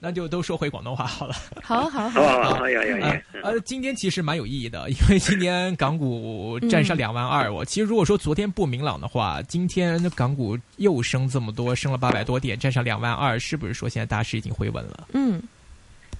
那就都說回廣東話好了。好，好， 好，好，好，好， 好、啊，好、啊啊，今天其實蠻有意義的，因為今天港股站上兩萬二、嗯。我其實如果說昨天不明朗的話，今天港股又升這麼多，升了八百多點，站上兩萬二，是不是說現在大市已經回穩了？嗯。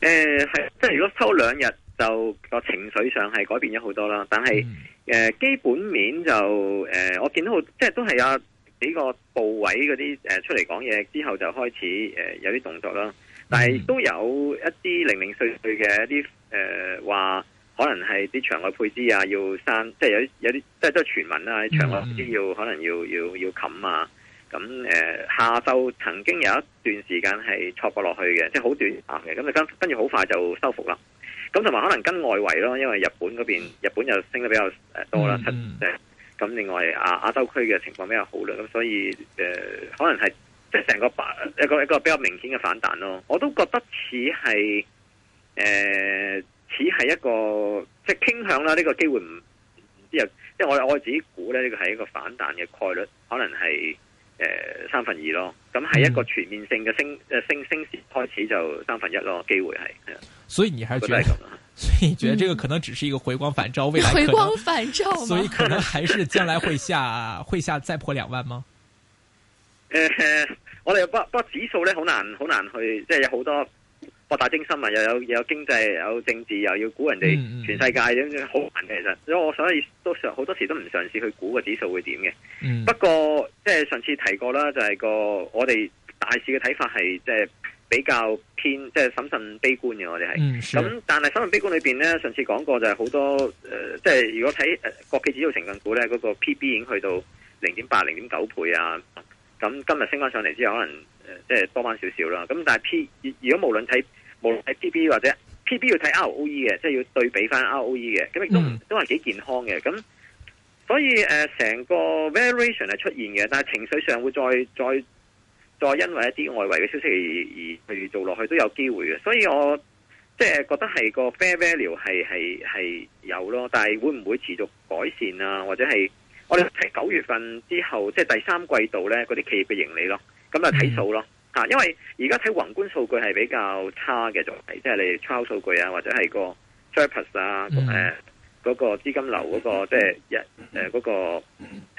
誒、呃，係，即係如果收兩日就個情緒上係改變咗好多啦。但係誒、嗯、呃，基本面就誒、呃，我見到好即係都係有幾個部委嗰啲誒出嚟講嘢之後就開始誒、呃、有啲動作啦。但係都有一啲零零碎碎嘅一啲誒話，可能係啲場外配資啊，要刪，即係有有啲即係都係傳聞啦，場外配資要可能要要要冚啊。咁、呃、誒下週曾經有一段時間係挫過落去嘅，即係好短暫嘅，咁跟跟住好快就收復啦。咁同埋可能跟外圍咯，因為日本嗰邊日本又升得比較誒多啦，七隻。咁另外亞亞洲區嘅情況比較好啦，咁所以誒、呃、可能係。即係成個一個一個比較明顯嘅反彈咯，我都覺得似係誒似係一個即係傾向啦。呢個機會唔唔知啊，因為我我自己估咧呢個係一個反彈嘅概率，可能係誒三分二咯。咁係一個全面性嘅升誒、呃、升升勢開始就三分一咯，機會係。所以你還是覺得，覺得啊、所以你覺得呢個可能只是一個回光返照，嗯、未來回光返照，所以可能還是將來會下 會下再破兩萬嗎？誒、呃，我哋不不過指數咧，好難好難去，即、就、係、是、有好多博大精深啊。又有又有經濟，有政治，又要估人哋全世界，咁、嗯嗯、樣好難嘅。其實，所以我所以都好多時都唔嘗試，試去估個指數會點嘅、嗯。不過即係、就是、上次提過啦，就係、是、個我哋大市嘅睇法係，即、就、係、是、比較偏，即、就、係、是、審慎悲觀嘅。我哋係咁，但係審慎悲觀裏邊咧，上次講過就係好多誒，即、呃、係、就是、如果睇誒、呃、國企指數成分股咧，嗰、那個 PB 已經去到零點八、零點九倍啊。咁今日升翻上嚟之後，可能、呃、即係多翻少少啦。咁但係 P，如果無論睇無論睇 P B 或者 P B 要睇 R O E 嘅，即係要對比翻 R O E 嘅，咁亦都都係幾健康嘅。咁所以呃成個 variation 係出現嘅，但係情緒上會再再再因為一啲外圍嘅消息而而去做落去都有機會嘅。所以我即係覺得係個 fair value 係係係有咯，但係會唔會持續改善啊？或者係？我哋睇九月份之後，即係第三季度咧，嗰啲企業嘅盈利咯，咁啊睇數咯嚇、嗯，因為而家睇宏觀數據係比較差嘅，仲係即係你哋抄數據啊，或者係個 trips 啊，誒、嗯、嗰、呃那個資金流嗰、那個即係日，誒、嗯、嗰、呃那個、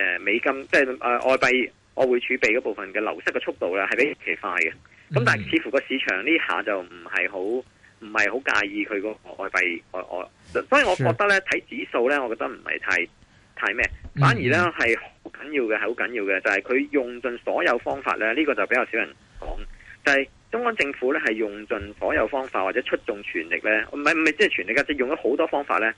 呃、美金，即係誒、呃、外幣外匯儲備嗰部分嘅流失嘅速度咧，係比其快嘅。咁、嗯、但係似乎個市場呢下就唔係好唔係好介意佢個外幣外外，所以我覺得咧睇、Sure. 指數咧，我覺得唔係太。太咩？反而咧係好緊要嘅，係好緊要嘅，就係佢用盡所有方法咧。呢個就比較少人講，就係中央政府咧係用盡所有方法或者出盡全力咧，唔係唔係即係全力噶，即係用咗好多方法咧，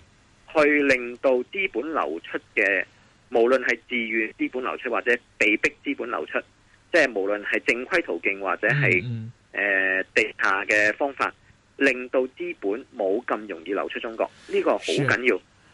去令到資本流出嘅，無論係自願資本流出或者被逼資本流出，即係無論係正規途徑或者係誒地下嘅方法，令到資本冇咁容易流出中國。呢個好緊要。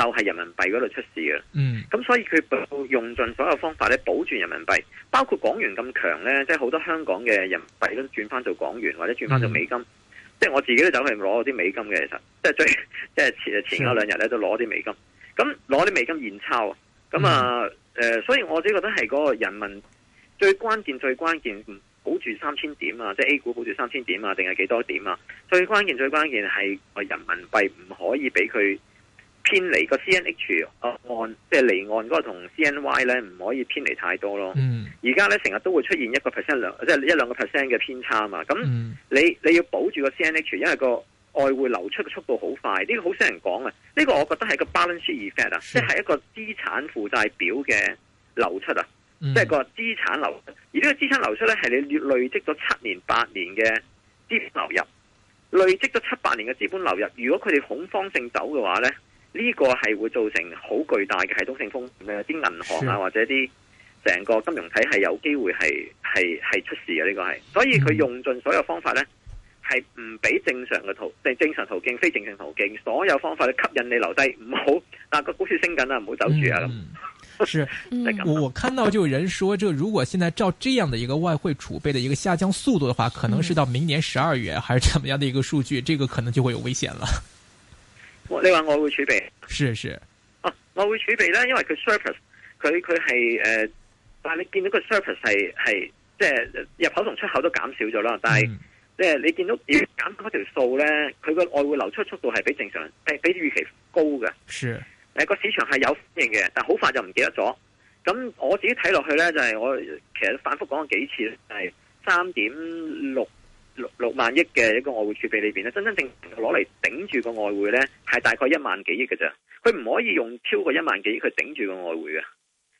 就係、是、人民幣嗰度出事嘅，咁、嗯、所以佢用盡所有方法咧保住人民幣，包括港元咁強咧，即係好多香港嘅人民幣都轉翻做港元或者轉翻做美金，嗯，即係我自己都走去攞啲美金嘅，其實即係最即係前前兩日咧都攞啲美金，咁攞啲美金現鈔，咁啊誒、嗯呃，所以我只覺得係嗰個人民最關鍵最關鍵保住三千點啊，即係 A 股保住三千點啊，定係幾多點啊？最關鍵最關鍵係人民幣唔可以俾佢。偏離個 C N H 案、啊，即係離岸嗰個同 C N Y 咧，唔可以偏離太多咯。嗯、mm -hmm.，而家咧成日都會出現一個 percent 兩，即係一兩個 percent 嘅偏差嘛。咁、mm -hmm. 你你要保住個 C N H，因為個外匯流出嘅速度好快。呢、這個好少人講啊。呢、這個我覺得係個 balance sheet effect 啊，是即係一個資產負債表嘅流出啊，mm -hmm. 即係個資產流出。而呢個資產流出咧，係你累積咗七年八年嘅資本流入，累積咗七八年嘅資本流入。如果佢哋恐慌性走嘅話咧。呢、這個係會造成好巨大嘅系統性風險，誒，啲銀行啊或者啲成個金融體系有機會係係係出事嘅。呢、這個係，所以佢用盡所有方法咧，係唔俾正常嘅途，即、就、係、是、正常途徑、非正常途徑，所有方法去吸引你留低，唔好，嗱個股市升緊啊，唔好走住啊咁。是，我看到就有人說，就如果現在照這樣的一個外匯儲備的一個下降速度的話，可能是到明年十二月還是怎麼樣的一個數據，這個可能就會有危險了。你話外匯儲備，是是、啊，哦，外匯儲備啦，因為佢 surprise 佢佢係誒，但係你見到個 surprise 係係，即係、就是、入口同出口都減少咗啦，但係即係你見到要減嗰條數咧，佢個外匯流出速度係比正常，比，比預期高嘅，是、呃，誒個市場係有反應嘅，但係好快就唔記得咗，咁我自己睇落去咧就係、是、我其實反覆講咗幾次係三點六。就是六六萬億嘅一個外匯儲備裏邊咧，真真正攞嚟頂住個外匯咧，係大概一萬幾億嘅啫。佢唔可以用超過一萬幾億去頂住個外匯嘅，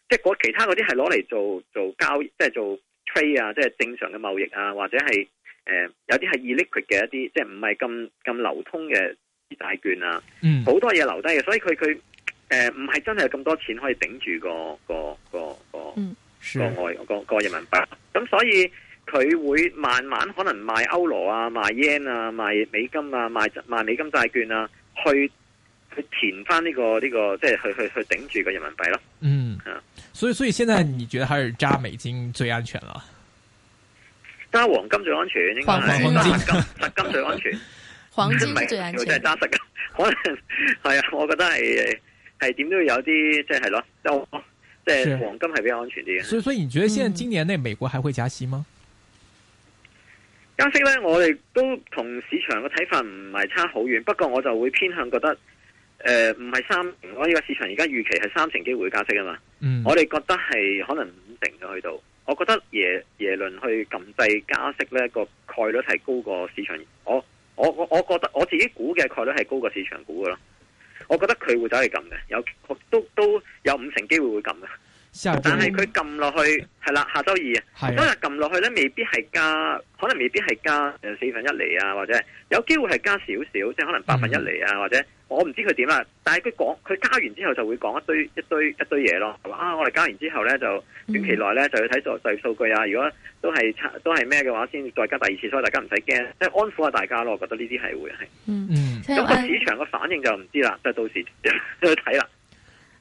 即係其他嗰啲係攞嚟做做交易，即係做 trade 啊，即係正常嘅貿易啊，或者係誒、呃、有啲係 liquid 嘅一啲，即係唔係咁咁流通嘅大券啊。好、嗯、多嘢留低嘅，所以佢佢誒唔係真係咁多錢可以頂住、那個個個個個外個個人民幣。咁所以。佢會慢慢可能賣歐羅啊，賣 yen 啊，賣美金啊，賣美金啊賣，賣美金債券啊，去去填翻、這、呢個呢、這個，即係去去去頂住個人民幣咯。嗯，啊、所以所以現在你覺得還是揸美金最安全啦？揸黃金最安全應，應該係黃金、實金最安全。黃金最安全 最安全真係揸實金。可能係啊，我覺得係係點都要有啲，即係係咯，即係黃金係比較安全啲嘅。所以所以你覺得現在今年內美國還會加息嗎？嗯加息咧，我哋都同市場嘅睇法唔係差好遠，不過我就會偏向覺得，誒唔係三，我呢家市場而家預期係三成機會加息啊嘛。嗯，我哋覺得係可能五成就去到，我覺得耶耶倫去撳制加息咧個概率係高過市場，我我我我覺得我自己估嘅概率係高過市場估嘅咯。我覺得佢會走嚟撳嘅，有都都有五成機會會撳嘅。但係佢撳落去係啦，下週二，週日撳落去咧，未必係加，可能未必係加四分一厘啊，或者有機會係加少少，即係可能八分一厘啊，嗯、或者我唔知佢點啦。但係佢講佢加完之後就會講一堆一堆一堆嘢咯。啊，我哋加完之後咧就短期內咧就要睇再數據啊。如果都係都係咩嘅話，先再加第二次，所以大家唔使驚，即係安撫下大家咯。我覺得呢啲係會係。嗯，嗯，咁個市場嘅反應就唔知啦，就到時去睇啦。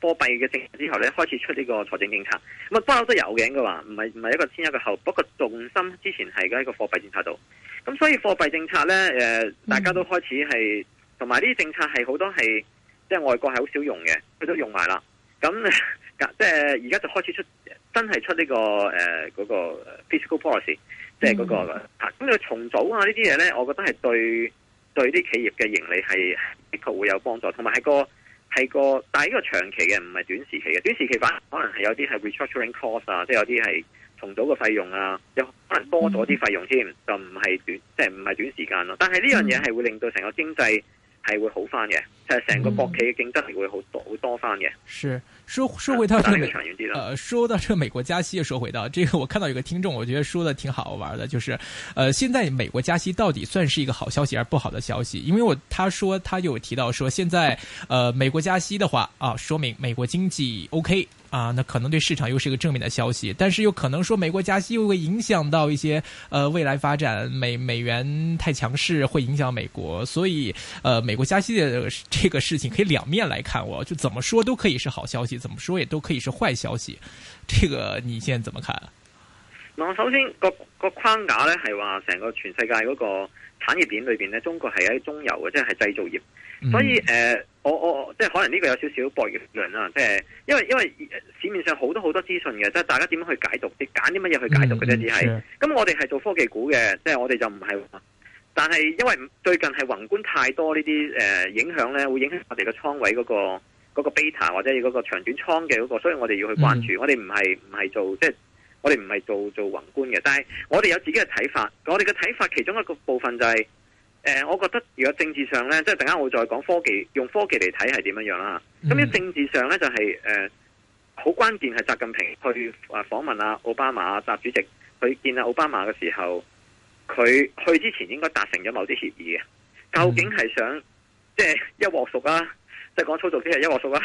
貨幣嘅政策之後咧，開始出呢個財政政策，咁啊都有嘅話，唔係唔係一個先一個後，不過重心之前係喺個貨幣政策度，咁所以貨幣政策咧誒、呃，大家都開始係同埋呢啲政策係好多係即係外國係好少用嘅，佢都用埋啦，咁即係而家就開始出真係出呢、這個誒嗰、呃那個 fiscal policy，即係嗰、那個嚇，咁、嗯、佢、啊、重組啊呢啲嘢咧，我覺得係對對啲企業嘅盈利係的確會有幫助，同埋喺個。係個，但係呢個長期嘅，唔係短時期嘅。短時期反而可能係有啲係 restructuring cost 啊，即係有啲係重組嘅費用啊，又可能多咗啲費用添，就唔係短，即係唔係短時間咯。但係呢樣嘢係會令到成個經濟。係會好翻嘅，就係成個博企嘅競爭係會好多，嗯，會多翻嘅。是，說說回到這個長遠啲啦。呃，說到這個美國加息，說回到這個，我看到有個聽眾，我覺得說的挺好玩的，就是，呃，現在美國加息到底算是一個好消息，而不好的消息？因為我他說，他有提到說，現在，呃，美國加息的話，啊，說明美國經濟 OK。啊，那可能對市場又是一個正面的消息，但是又可能說美國加息又會影響到一些呃未來發展，美美元太強勢會影響美國，所以呃美國加息的這個事情可以兩面來看，我就怎麼說都可以是好消息，怎麼說也都可以是壞消息，這個你現在怎麼看？那首先個、那個框架呢係話成個全世界嗰個產業鏈裏邊呢，中國係喺中游嘅，即係係製造業。所以誒、嗯呃，我我即係可能呢個有少少博弈論啦，即係因為，因為市面上好多好多資訊嘅，即係大家點樣去解讀，你揀啲乜嘢去解讀嘅啫？只、嗯、係，咁、嗯，是嗯、咁我哋係做科技股嘅，即係我哋就唔係，但係，因為最近係宏觀太多呢啲、呃、呢啲影響咧，會影響我哋、個倉位嗰個嗰個 beta 或者嗰個長短倉嘅嗰個，所以我哋要去關注。嗯、我哋唔係唔係做即係我哋唔係做做宏觀嘅，但係，我哋有自己嘅睇法。我哋嘅睇法其中一個部分就係、是。誒、呃，我覺得如果政治上呢，即係等間我再講科技，用科技嚟睇係點樣樣啦。咁呢政治上呢，就係、是、誒、好、呃、關鍵係習近平去誒訪問阿、啊、奧巴馬習主席，去見阿奧巴馬嘅時候，佢去之前應該達成咗某啲協議嘅。究竟係想、嗯、即係一鑊熟啊？即係講粗俗啲係一鑊熟啊？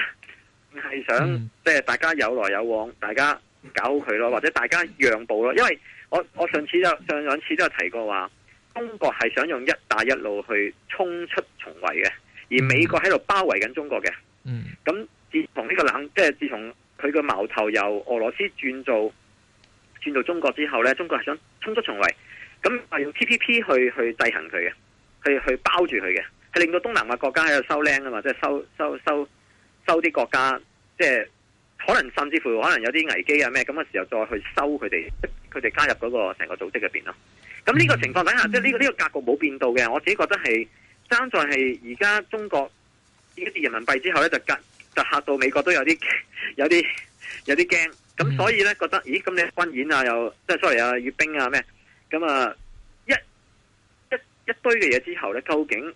係想、嗯、即係大家有來有往，大家搞佢咯，或者大家讓步咯？因為我我上次就上兩次都有提過話。中國係想用一帶一路去衝出重圍嘅，而美國喺度包圍緊中國嘅。嗯，咁自從呢、呢個冷，即係自從佢個矛頭由俄羅斯轉做轉到中國之後呢，中國係想衝出重圍，咁係用 TPP 去去制衡佢嘅，去去包住佢嘅，係令到東南亞國家喺度收靚啊嘛，即係收收收收啲國家，即係可能甚至乎可能有啲危機啊咩，咁嘅時候再去收佢哋，佢哋加入嗰個成個組織入邊咯。咁呢個情況底下，即係呢個呢、呢個格局冇變到嘅，我自己覺得係爭在係而家中國呢啲人民幣之後咧，就夾就吓到美國都有啲有啲有啲驚，咁、mm -hmm. 所以咧覺得咦，咁你軍演啊，又即係 sorry 啊，閱兵啊咩，咁、嗯、啊一一一堆嘅嘢之後咧，究竟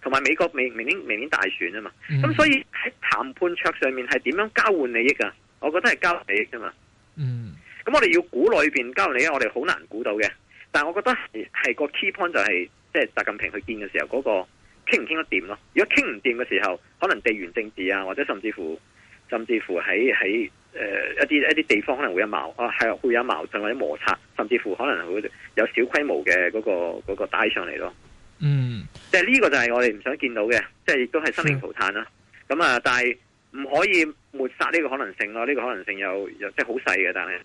同埋美國明明年明年大選啊嘛，咁、mm -hmm. 所以喺談判桌上面係點樣交換利益噶？我覺得係交換利益啫嘛。嗯。咁我哋要估裏邊交換利益，我哋好難估到嘅。但係我覺得係個 key point 就係、是、即係習近平去見嘅時候嗰、那個傾唔傾得掂咯。如果傾唔掂嘅時候，可能地緣政治啊，或者甚至乎甚至乎喺喺誒一啲一啲地方可能會有矛啊，係會有矛盾或者摩擦，甚至乎可能會有小規模嘅嗰、那個嗰、那個帶上嚟咯。嗯，即係呢個就係我哋唔想見到嘅，即係亦都係生靈塗炭啦。咁啊，嗯、但係唔可以抹殺呢個可能性咯。呢、這個可能性又有即係好細嘅，但係。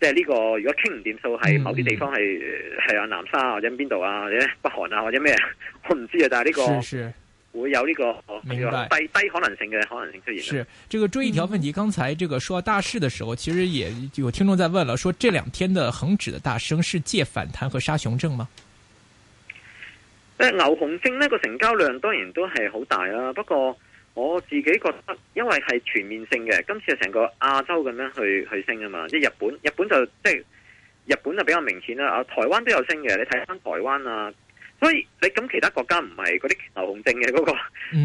即係呢個，如果傾唔掂數，喺某啲地方係係啊南沙或者邊度啊或者北韓啊或者咩，我唔知啊。但係呢個會有呢、這個最低，低可能性嘅可能性出現。是，這個追一條問題，剛才這個說大市嘅時候，嗯，其實也有聽眾在問啦，說這兩天嘅恒指嘅大升是借反彈和殺熊證嗎？牛熊證呢個成交量當然都係好大啦，啊，不過。我自己覺得，因為係全面性嘅，今次係成個亞洲咁樣去去升啊嘛，即係日本，日本就即係日本就比較明顯啦。啊，台灣都有升嘅，你睇返台灣啊，所以你咁其他國家唔係嗰啲牛熊證嘅嗰個，係、嗯、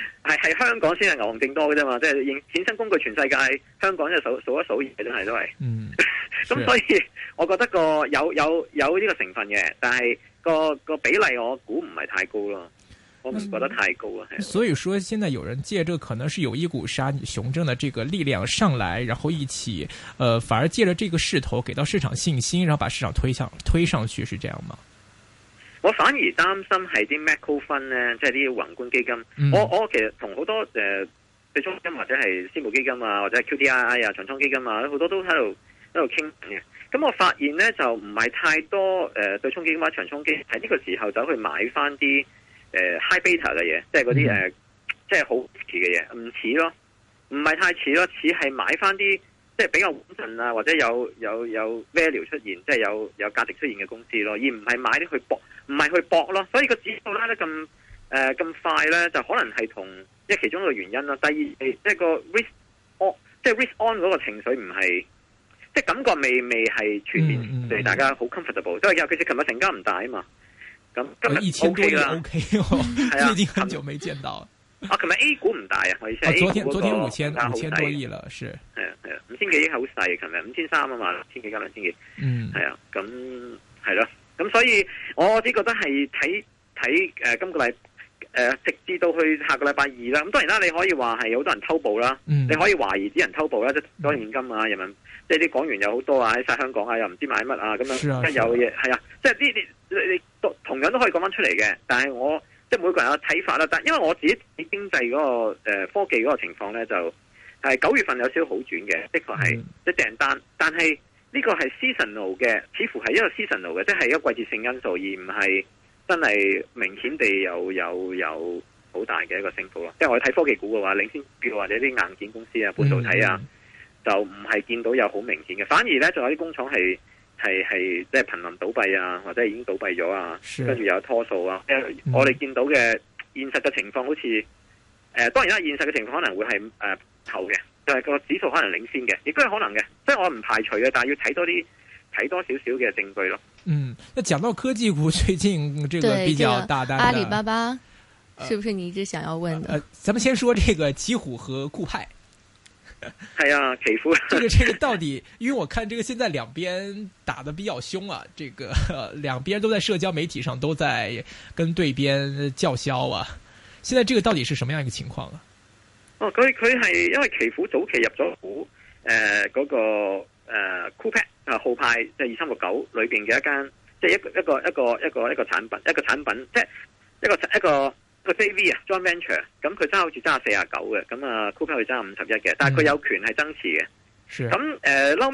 係香港先係牛熊證多嘅啫嘛，即係衍生工具，全世界香港就數數一數二嘅真係都係。嗯，咁 所以我覺得個有有有呢個成分嘅，但係個個比例我估唔係太高咯。我唔覺得太高啊，係、嗯。所以說，現在有人借這可能是有一股殺熊證的這個力量上來，然後一起、呃，反而借着這個勢頭給到市場信心，然後把市場推向推上去，是這樣嗎？我反而擔心係啲 macro 分呢，即係啲宏觀基金。嗯、我我其實同好多誒、呃、對沖基金或者係私募基金啊，或者是 QDII 啊、長倉基金啊，好多都喺度喺度傾嘅。咁我發現呢，就唔係太多誒、呃、對沖基金或者長倉基金喺呢個時候走去買翻啲。誒，high beta 嘅嘢，即係嗰啲誒，即係好似嘅嘢，唔似咯，唔係太似咯，似係買翻啲即係比較穩陣啊，或者有有有 value 出現，即係有有價值出現嘅公司咯，而唔係買啲去搏，唔係去搏咯，所以個指數拉得咁誒咁快咧，就可能係同即係其中一個原因啦。第二，即係個 risk on，即係 risk on 嗰個情緒唔係，即係感覺未未係全面對大家好 comfortable，即係尤其是琴日成交唔大啊嘛。咁今日 O K 啦，O K 喎，最、哦、近、OK 哦啊、 很久沒見到。啊，琴日 A 股唔大啊，我意思係。啊，昨天昨天五千五千多億了，是。係係啊，啊，五千幾億係好細，琴日。五千三啊嘛，千幾加兩千幾。嗯。係啊，咁係咯，咁、啊、所以我只覺得係睇睇誒，今個禮誒、呃、直至到去下個禮拜二啦。咁當然啦，你啦、嗯，你可以話係有好多人偷步啦，你可以懷疑啲人偷步啦，即係攞現金啊，人民、嗯、即係啲港元又好多啊，喺晒香港啊，又唔知買乜啊咁樣。係啊。有嘢係啊，即係呢啲同樣都可以講翻出嚟嘅，但係我即係每個人有睇法啦。但因為我自己睇經濟嗰、嗰個、呃、科技嗰個情況咧，就係九月份有少少好轉嘅，的確係啲訂單。但係呢、呢個係 seasonal 嘅，似乎係一個 seasonal 嘅，即係一個季節性因素，而唔係真係明顯地有有有好大嘅一個升幅咯。即係我哋睇科技股嘅話，領先譬如話啲啲硬件公司啊、半導體啊，嗯、就唔係見到有好明顯嘅，反而咧仲有啲工廠係。係係即係瀕臨倒閉啊，或者已經倒閉咗啊，跟住有拖數啊。呃嗯、我哋見到嘅現實嘅情況，好似誒，當然啦，現實嘅情況可能會係誒後嘅，就係個指數可能領先嘅，亦都係可能嘅，即係我唔排除嘅，但係要睇多啲，睇多少少嘅證據咯。嗯，那講到科技股最近這個比較大單嘅、這個、阿里巴巴，是不是你一直想要問的呃呃？呃，咱們先說這個奇虎和酷派。係啊，奇虎。 這個這個到底，因為我看這個現在兩邊打得比較凶啊，這個兩邊都在社交媒體上都在跟對邊叫囂啊。現在這個到底是什麼樣一個情況啊？哦，佢佢係因為奇虎早期入咗股，誒、呃、嗰、那個誒酷派啊號派即係二三六九裏邊嘅一間，即係一個一個一個一個一個產品一個產品，即係一個一個。一個個 J V 啊，John Venture，咁佢揸好似揸四廿九嘅，咁啊，Cooper 佢揸五十一嘅，但係佢有權係增持嘅，咁誒。